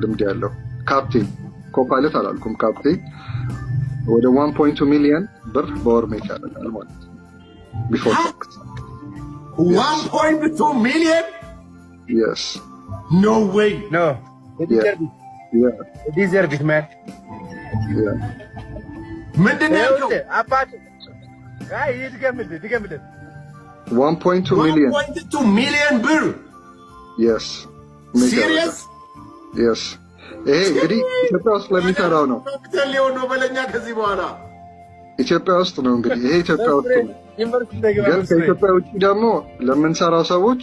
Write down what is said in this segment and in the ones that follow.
ልምድ ያለው ካፕቴን ኮፓይለት አላልኩም፣ ካፕቴን ወደ ዋን ፖይንት ቱ ሚሊየን ብር በወር ሜክ ያደርጋል ማለት ነው። ቢፎር ታክስ ዋን ፖይንት የስ ኖ ዌይ ኖ ዲዘርቭ ኢት ማን ምንድን ነው ያልከው? አባት አይ ይድገምልህ፣ ይድገምልህ ዋን ፖይንት ቱ ሚሊየን ብር የስ ሲሪየስ ስ ይሄ እንግዲህ ኢትዮጵያ ውስጥ ለሚሰራው ነው። ሆስፒታል ሊሆን ነው በለኛ። ከዚህ በኋላ ኢትዮጵያ ውስጥ ነው እንግዲህ ይሄ ኢትዮጵያ ውስጥ ነው። ግን ከኢትዮጵያ ውጭ ደግሞ ለምንሰራው ሰዎች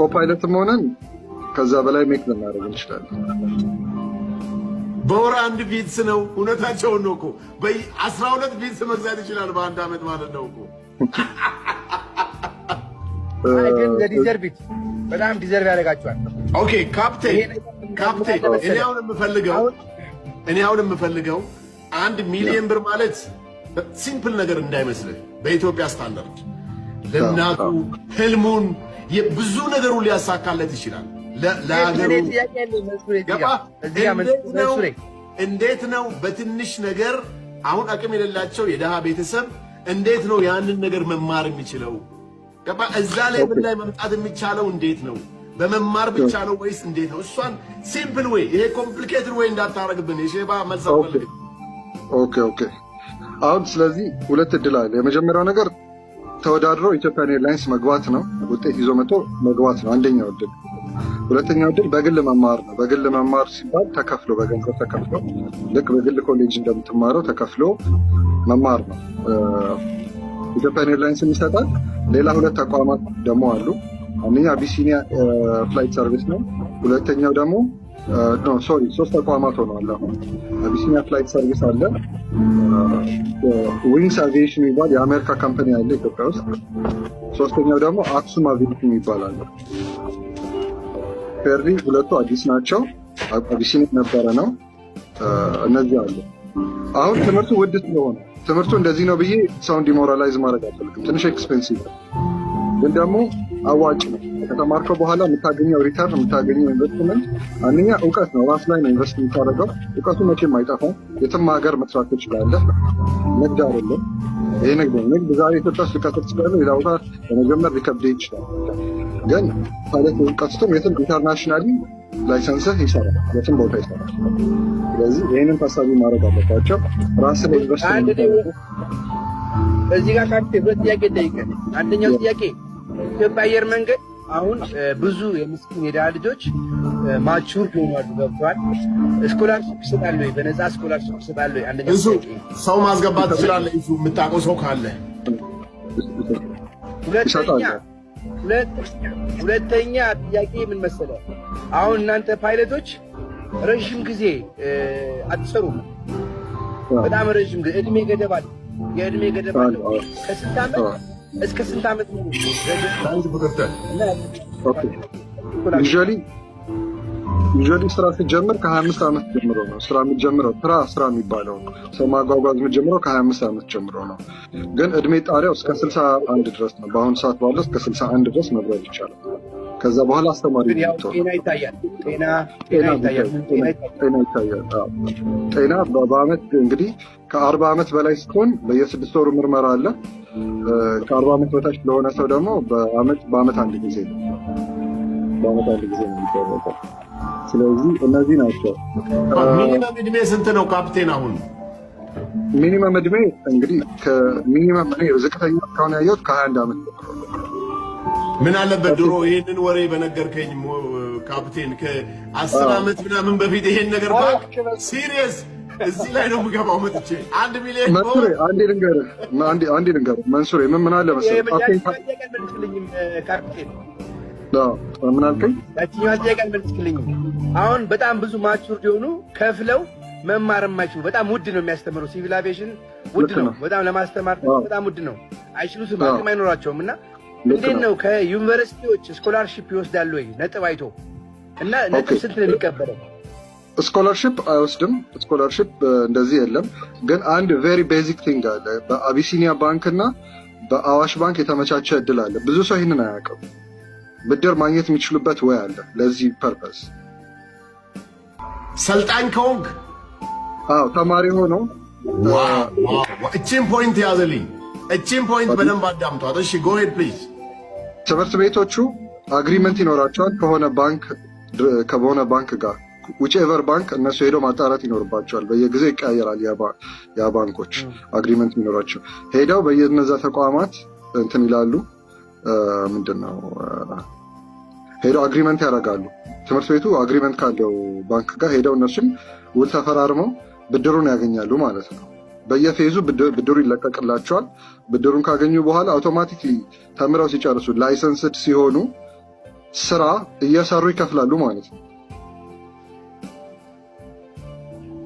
ኮፓይለትም ሆነን ከዛ በላይ ሜክ ልናደርግ እንችላለን። በወር አንድ ቪትስ ነው። እውነታቸውን ነው እኮ በአስራ ሁለት ቪትስ መግዛት ይችላል በአንድ አመት ማለት ነው እኮ ዲዘርቭ በጣም ዲዘርቭ ያደርጋቸዋል። ኦኬ ካፕቴን ካፕቴን፣ እኔ አሁን የምፈልገው እኔ አሁን የምፈልገው አንድ ሚሊዮን ብር ማለት ሲምፕል ነገር እንዳይመስልህ በኢትዮጵያ ስታንዳርድ ለእናቱ ህልሙን ብዙ ነገሩን ሊያሳካለት ይችላል። ለሀገሩ እንዴት ነው በትንሽ ነገር አሁን አቅም የሌላቸው የድሃ ቤተሰብ እንዴት ነው ያንን ነገር መማር የሚችለው? ገባ እዛ ምን ላይ መምጣት የሚቻለው እንዴት ነው? በመማር ብቻ ነው ወይስ እንዴት ነው? እሷን ሲምፕል ወይ ይሄ ኮምፕሊኬትድ ወይ እንዳታረግብን። የሼባ መልሳ ኦኬ ኦኬ። አሁን ስለዚህ ሁለት እድል አለ። የመጀመሪያው ነገር ተወዳድሮ ኢትዮጵያን ኤርላይንስ መግባት ነው፣ ውጤት ይዞ መጥቶ መግባት ነው አንደኛው እድል። ሁለተኛው እድል በግል መማር ነው። በግል መማር ሲባል ተከፍሎ በገንዘብ ተከፍሎ ልክ በግል ኮሌጅ እንደምትማረው ተከፍሎ መማር ነው። ኢትዮጵያን ኤርላይንስ ይሰጣል። ሌላ ሁለት ተቋማት ደግሞ አሉ። አንደኛው አቢሲኒያ ፍላይት ሰርቪስ ነው። ሁለተኛው ደግሞ ሶሪ ሶስት ተቋማት ሆነዋል። አሁን አቢሲኒያ ፍላይት ሰርቪስ አለ፣ ዊንግስ አቪዬሽን የሚባል የአሜሪካ ካምፓኒ አለ ኢትዮጵያ ውስጥ። ሶስተኛው ደግሞ አክሱም አቪዬሽን የሚባል አለ። ፌርሊ ሁለቱ አዲስ ናቸው። አቢሲኒያ ነበረ ነው። እነዚህ አሉ። አሁን ትምህርቱ ውድ ስለሆነ ትምህርቱ እንደዚህ ነው ብዬ ሰውን ዲሞራላይዝ ማድረግ አልፈልግም። ትንሽ ኤክስፔንሲቭ ግን ደግሞ አዋጭ ነው። ከተማርከው በኋላ የምታገኘው ሪተርን የምታገኘው ኢንቨስትመንት አንደኛ እውቀት ነው። ራስ ላይ ነው ኢንቨስት የምታደርገው። እውቀቱ መቼም አይጠፋም። የትም ሀገር መስራት ትችላለህ። ንግድ አይደለም ይሄ ንግድ ነው። ንግድ ዛሬ ኢትዮጵያ ውስጥ ሊቀጥል ይችላል፣ ሌላ ቦታ ለመጀመር ሊከብድ ይችላል። ግን ታለት እውቀቱም የትም ኢንተርናሽናሊ ላይሰንስህ ይሰራል፣ የትም ቦታ ይሰራል። ስለዚህ ይህንን ታሳቢ ማድረግ አለባቸው። ራስ ላይ ኢንቨስት እዚህ ጋር ካፌ ሁለት ጥያቄ ጠይቀን፣ አንደኛው ጥያቄ ኢትዮጵያ አየር መንገድ አሁን ብዙ የምስኪን የድሃ ልጆች ማቹር ሆኗል፣ ገብቷል። ስኮላርሽፕ ይሰጣል ወይ? በነፃ ስኮላርሽፕ ይሰጣል ወይ? አንደኛው ሰው ማስገባት ትችላለህ፣ የምታውቀው ሰው ካለ። ሁለተኛ ሁለተኛ ጥያቄ ምን መሰለ፣ አሁን እናንተ ፓይለቶች ረዥም ጊዜ አትሰሩም። በጣም ረዥም ጊዜ እድሜ ገደብ አለ። የእድሜ ገደብ አለ። ከስንት ዓመት እስከ ስንት ዓመት ነው? ዩዥዋሊ ስራ ሲጀምር ከ25 ዓመት ጀምሮ ነው ስራ የሚጀምረው። ስራ ስራ የሚባለው ሰው ማጓጓዝ የሚጀምረው ከ25 ዓመት ጀምሮ ነው። ግን እድሜ ጣሪያው እስከ 61 ድረስ ነው። በአሁኑ ሰዓት ባለው እስከ 61 ድረስ መብረር ይቻላል። ከዛ በኋላ አስተማሪ ጤና ይታያል። ጤና በአመት እንግዲህ ከአርባ ዓመት በላይ ስትሆን በየስድስት ወሩ ምርመራ አለ። ከአርባ ዓመት በታች ለሆነ ሰው ደግሞ በአመት አንድ ጊዜ ነው በአመት አንድ ጊዜ ነው የሚደረገው። ስለዚህ እነዚህ ናቸው። ሚኒመም እድሜ ስንት ነው ካፕቴን? አሁን ሚኒመም እድሜ እንግዲህ ከሚኒመም ሚኒመም ዝቅተኛ እስካሁን ያየሁት ከ አንድ ዓመት ምን አለበት ድሮ ይህንን ወሬ በነገርከኝ ካፕቴን፣ ከአስር ዓመት ምናምን በፊት ይሄን ነገር ባክ ሲሪየስ እዚህ ላይ ነው የምገባው። መጥቼ አንድ ሚሊዮን መንሱሬ፣ አንዴ ልንገርህ፣ አንዴ ልንገርህ መንሱሬ፣ ምን ምን አለ መሰለህ ምን አልከኝ? ያችኛዋን ጥያቄ አልመለስክልኝም። አሁን በጣም ብዙ ማቹርድ የሆኑ ከፍለው መማር የማይችሉ በጣም ውድ ነው የሚያስተምረው። ሲቪል አቪዬሽን ውድ ነው በጣም ለማስተማር በጣም ውድ ነው። አይችሉትም፣ አቅም አይኖራቸውም። እና እንዴት ነው ከዩኒቨርሲቲዎች ስኮላርሺፕ ይወስዳሉ ወይ ነጥብ አይቶ እና ነጥብ ስንት ነው የሚቀበለው? ስኮላርሽፕ አይወስድም። ስኮላርሽፕ እንደዚህ የለም። ግን አንድ ቬሪ ቤዚክ ቲንግ አለ። በአቢሲኒያ ባንክ እና በአዋሽ ባንክ የተመቻቸ እድል አለ። ብዙ ሰው ይህንን አያውቅም። ብድር ማግኘት የሚችሉበት ወይ አለ ለዚህ ፐርፐስ። ሰልጣኝ ከሆንክ አዎ፣ ተማሪ ሆኖ እቺን ፖይንት ያዘልኝ። እቺን ፖይንት በደንብ አዳምጧት። እሺ ጎሄድ ፕሊዝ። ትምህርት ቤቶቹ አግሪመንት ይኖራቸዋል ከሆነ ባንክ ከሆነ ባንክ ጋር ውጭቨር ባንክ እነሱ ሄደው ማጣራት ይኖርባቸዋል። በየጊዜ ይቀያየራል። ያ ባንኮች አግሪመንት የሚኖራቸው ሄደው በየነዛ ተቋማት እንትን ይላሉ። ምንድን ነው ሄደው አግሪመንት ያደርጋሉ። ትምህርት ቤቱ አግሪመንት ካለው ባንክ ጋር ሄደው እነሱም ውል ተፈራርመው ብድሩን ያገኛሉ ማለት ነው። በየፌዙ ብድሩ ይለቀቅላቸዋል። ብድሩን ካገኙ በኋላ አውቶማቲክሊ ተምረው ሲጨርሱ ላይሰንስድ ሲሆኑ ስራ እየሰሩ ይከፍላሉ ማለት ነው።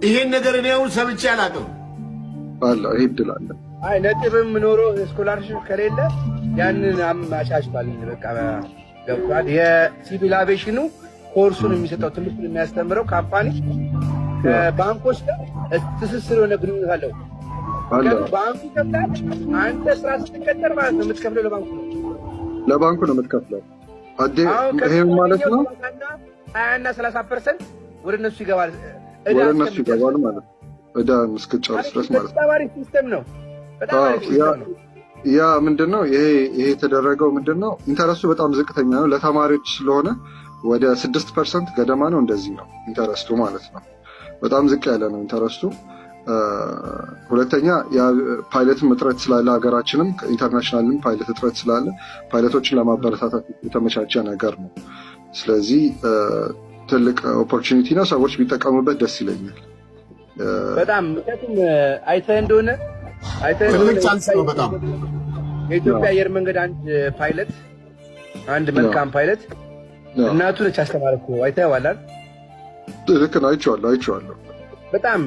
ይሄን ነገር እኔ አሁን ሰምቼ አላውቅም። አለ ይሄ እድል አለ። አይ ነጥብም ኖሮ ስኮላርሽፕ ከሌለ ያንን አመቻችቷል። በቃ ገብቷል። የሲቪል አቬሽኑ ኮርሱን የሚሰጠው ትምህርቱን የሚያስተምረው ካምፓኒ ከባንኮች ጋር ትስስር የሆነ ግንኙነት አለው። ባንኩ ይከፍላል። አንተ ስራ ስትቀጠር ማለት ነው የምትከፍለው ለባንኩ ነው፣ ለባንኩ ነው የምትከፍለው። ይሄ ማለት ነው ሀያና ሰላሳ ፐርሰንት ወደ እነሱ ይገባል፣ ወደ እነሱ ይገባል ማለት ነው። እዳ እስክትጨርስ ድረስ ማለት ነው። ሲስተም ነው። በጣም አሪፍ ያ ነው ይሄ የተደረገው ምንድነው ኢንተረስቱ በጣም ዝቅተኛ ነው ለተማሪዎች ስለሆነ ወደ ስድስት ፐርሰንት ገደማ ነው እንደዚህ ነው ኢንተረስቱ ማለት ነው በጣም ዝቅ ያለ ነው ኢንተረስቱ ሁለተኛ ፓይለትም እጥረት ስላለ ሀገራችንም ኢንተርናሽናልም ፓይለት እጥረት ስላለ ፓይለቶችን ለማበረታታት የተመቻቸ ነገር ነው ስለዚህ ትልቅ ኦፖርቹኒቲ ነው ሰዎች ቢጠቀሙበት ደስ ይለኛል በጣም ምክንያቱም አይተ እንደሆነ ነው በጣም የኢትዮጵያ አየር መንገድ አንድ ፓይለት አንድ መልካም ፓይለት እናቱ ነች አስተማረ እኮ ልክ ነው። አይቼዋለሁ አይቼዋለሁ። በጣም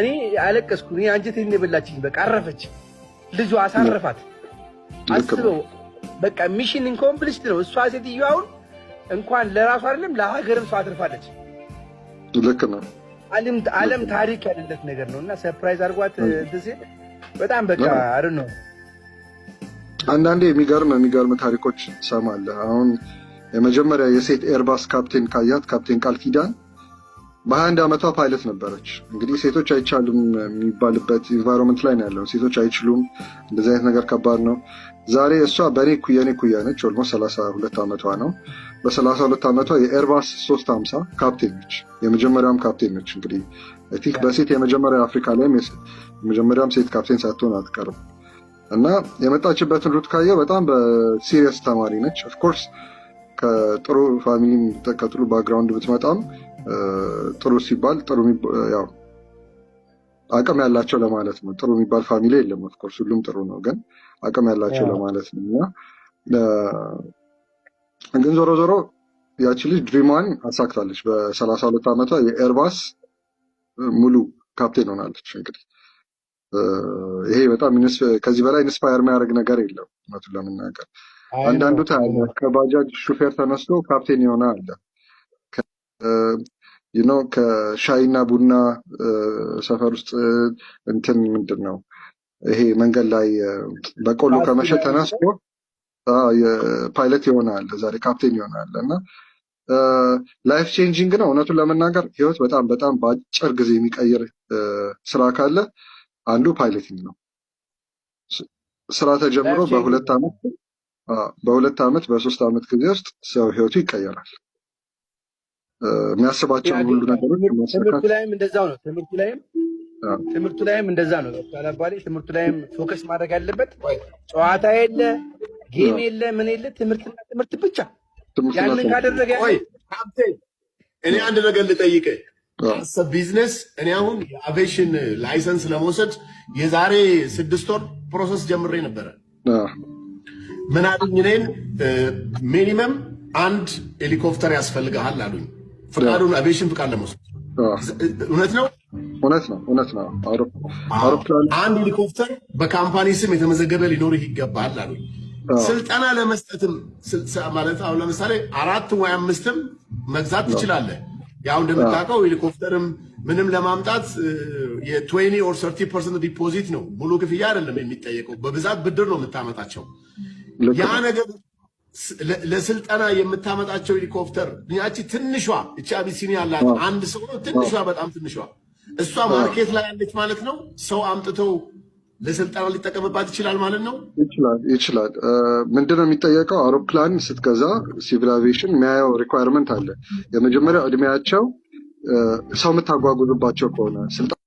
እኔ አለቀስኩ። እኔ አንጀቴን የበላችኝ። በቃ አረፈች፣ ልጇ አሳረፋት። አስበው በቃ ሚሽን ኢንኮምፕሊስት ነው። እሷ ሴትዮ አሁን እንኳን ለራሱ አይደለም ለሀገርም ሰው አትርፋለች። ልክ ነው። አለም ታሪክ ያለለት ነገር ነው እና ሰርፕራይዝ አድርጓት በጣም በቃ አር ነው አንዳንዴ የሚገርም የሚገርም ታሪኮች ትሰማለህ። አሁን የመጀመሪያ የሴት ኤርባስ ካፕቴን ካያት ካፕቴን ቃል ኪዳን በሀያ አንድ ዓመቷ ፓይለት ነበረች። እንግዲህ ሴቶች አይቻሉም የሚባልበት ኢንቫይሮንመንት ላይ ነው ያለው። ሴቶች አይችሉም፣ እንደዚህ አይነት ነገር ከባድ ነው። ዛሬ እሷ በእኔ ኩያ እኔ ኩያ ነች። ኦልሞስት 32 ሁለት ዓመቷ ነው። በ በ32 ዓመቷ የኤርባስ 350 ካፕቴን ነች። የመጀመሪያም ካፕቴን ነች። እንግዲህ ቲንክ በሴት የመጀመሪያ አፍሪካ ላይም የመጀመሪያም ሴት ካፕቴን ሳትሆን አትቀርም። እና የመጣችበትን ሩት ካየው በጣም በሲሪየስ ተማሪ ነች። ኦፍኮርስ ከጥሩ ፋሚሊ ከጥሩ ባክግራውንድ ብትመጣም ጥሩ ሲባል ጥሩ ያው አቅም ያላቸው ለማለት ነው። ጥሩ የሚባል ፋሚሊ የለም። ኦፍኮርስ ሁሉም ጥሩ ነው፣ ግን አቅም ያላቸው ለማለት ነው እና ግን ዞሮ ዞሮ ያቺ ልጅ ድሪማን አሳክታለች። በሰላሳ ሁለት ዓመቷ የኤርባስ ሙሉ ካፕቴን ሆናለች እንግዲህ ይሄ በጣም ከዚህ በላይ ኢንስፓየር የሚያደርግ ነገር የለም። እውነቱን ለመናገር አንዳንዱ ታያለህ፣ ከባጃጅ ሹፌር ተነስቶ ካፕቴን የሆነ አለ። ከሻይና ቡና ሰፈር ውስጥ እንትን ምንድን ነው ይሄ መንገድ ላይ በቆሎ ከመሸጥ ተነስቶ ፓይለት የሆነ አለ፣ ዛሬ ካፕቴን የሆነ አለ እና ላይፍ ቼንጂንግ ነው። እውነቱን ለመናገር ህይወት በጣም በጣም በአጭር ጊዜ የሚቀይር ስራ ካለ አንዱ ፓይለቲንግ ነው። ስራ ተጀምሮ በሁለት ዓመት በሁለት ዓመት በሶስት ዓመት ጊዜ ውስጥ ሰው ህይወቱ ይቀየራል። የሚያስባቸውን ሁሉ ነገሮች ትምህርቱ ላይም እንደዛው ነው። ትምህርቱ ላይም ትምህርቱ ላይም እንደዛ ነው። ባባሌ ትምህርቱ ላይም ፎከስ ማድረግ አለበት። ጨዋታ የለ፣ ጌም የለ፣ ምን የለ፣ ትምህርትና ትምህርት ብቻ። ያንን ካደረገ እኔ አንድ ነገር ልጠይቅህ ቢዝነስ እኔ አሁን የአቬሽን ላይሰንስ ለመውሰድ የዛሬ ስድስት ወር ፕሮሰስ ጀምሬ ነበረ። ምን አሉኝ? እኔን ሚኒመም አንድ ሄሊኮፕተር ያስፈልግሃል አሉኝ። ፍቃዱን አቬሽን ፍቃድ ለመውሰድ እውነት ነው እውነት ነው እውነት ነው። አንድ ሄሊኮፕተር በካምፓኒ ስም የተመዘገበ ሊኖርህ ይገባል አሉኝ። ስልጠና ለመስጠትም ማለት አሁን ለምሳሌ አራት ወይ አምስትም መግዛት ትችላለህ ያው እንደምታውቀው ሄሊኮፕተርም ምንም ለማምጣት የ20 ኦር 30 ፐርሰንት ዲፖዚት ነው። ሙሉ ክፍያ አይደለም የሚጠየቀው። በብዛት ብድር ነው የምታመጣቸው። ያ ነገር ለስልጠና የምታመጣቸው ሄሊኮፕተር ያቺ ትንሿ እቺ አቢሲኒ ያላት አንድ ሰው ነው ትንሿ፣ በጣም ትንሿ እሷ ማርኬት ላይ ያለች ማለት ነው። ሰው አምጥተው ለስልጠና ሊጠቀምባት ይችላል ማለት ነው። ይችላል ይችላል። ምንድነው የሚጠየቀው? አውሮፕላን ስትገዛ ሲቪል አቪዬሽን የሚያየው ሪኳየርመንት አለ። የመጀመሪያው እድሜያቸው ሰው የምታጓጉዝባቸው ከሆነ